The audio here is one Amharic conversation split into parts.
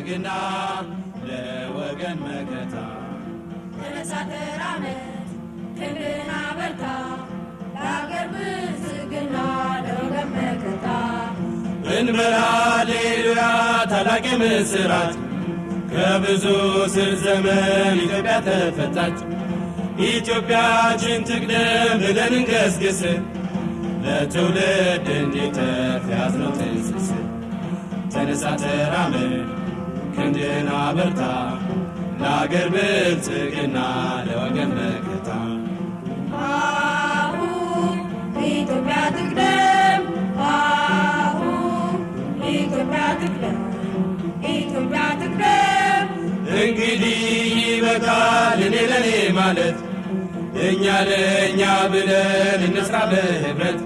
ግና ለወገን መከታ ተነሳ ተራመድ ክንድና በርታ ለአገር ብልጽግና ለወገን ታላቅ የምሥራች ከብዙ ስር ዘመን ኢትዮጵያ ተፈታች። ኢትዮጵያችን ትቅደም ብለን እንገስግስ ለትውልድ እንዲተርፍ ያዝነው ትንስስ ተነሳ ተራመድ ክንድና በርታ ለአገር ብልጽግና ለወገን መከታ አሁን ኢትዮጵያ እንግዲህ ይበቃል እኔ ለኔ ማለት እኛ ለእኛ ብለን እንስራ በህብረት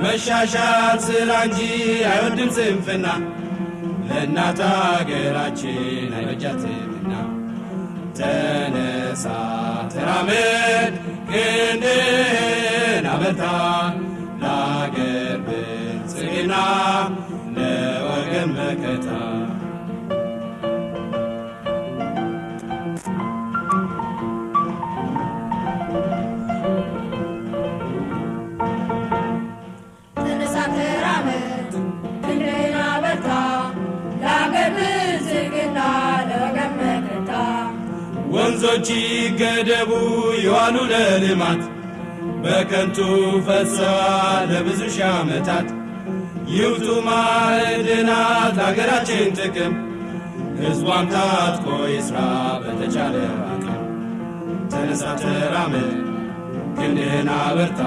መሻሻል ስራ እንጂ አይወድም ስንፍና ለእናት አገራችን አይበጃትምና ተነሳ ተራመድ ክንድህን አበርታ ለአገር ብልጽግና ለወገን መከታ ተነሳ ተራመድ ወንዞች ይገደቡ ይዋሉ ለልማት በከንቱ ፈሰዋል ለብዙ ሺህ ዓመታት። ይውጡ ማዕድናት አገራችን ጥቅም ሕዝቧም ታጥቆ ይሥራ በተቻለ አቅም። ተነሳ ተራመድ ክንድህን አበርታ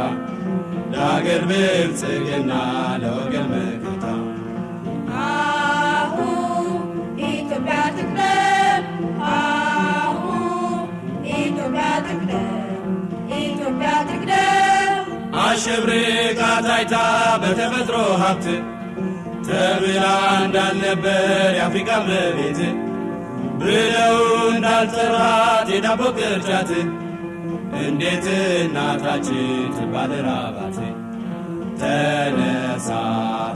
ለአገር ብልጽግና ለወገን መከታ ሽብርቃ ታይታ በተፈጥሮ ሀብት ተብላ እንዳልነበር የአፍሪካ እመቤት ብለው እንዳልጠራት የዳቦ ቅርጫት እንዴት እናታችን ትባል ራባት? ተነሳ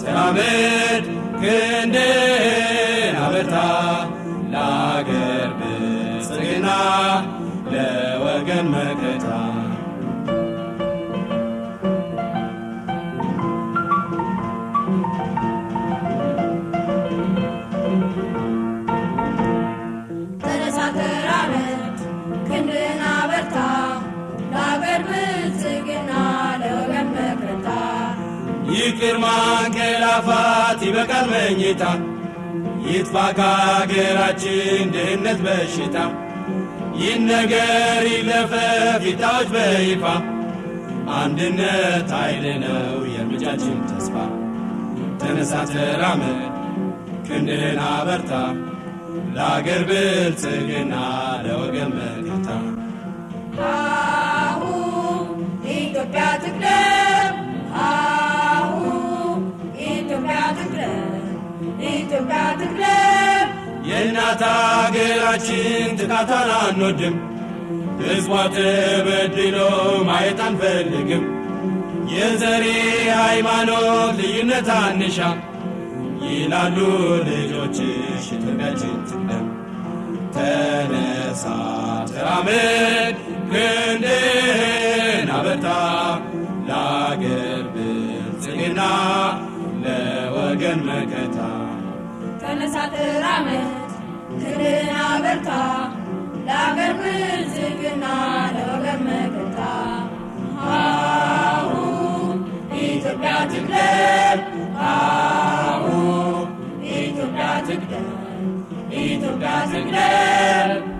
ተራመድ ክንድህን አበርታ ለአገር ብጽግና ለወገን መከታ ችግር ማንገላፋት ይበቃል መኝታ ይጥፋ ከአገራችን ድህነት በሽታ ይህ ነገር ይለፈ ፊታዎች በይፋ አንድነት ኃይል ነው የእርምጃችን ተስፋ ተነሳ ተራመ ክንድህን አበርታ ለአገር ብልጽግና ለወገን መከታ እናት አገራችን ጥቃቷን አንወድም፣ ሕዝቧ ተበድሎ ማየት አንፈልግም። የዘሬ ሃይማኖት ልዩነት አንሻ ይላሉ ልጆችሽ ኢትዮጵያችን ትቅደም። ተነሳ ተራመድ፣ ክንድህን አበርታ ለአገር ብልጽግና ለወገን መከታ ተነሳ ተራመድ ድልን አበርታ ለአገር ብልጽግና ለወገን መከታ አሁ ኢትዮጵያ ትቅደም አሁ ኢትዮጵያ ትቅደም ኢትዮጵያ ትቅደም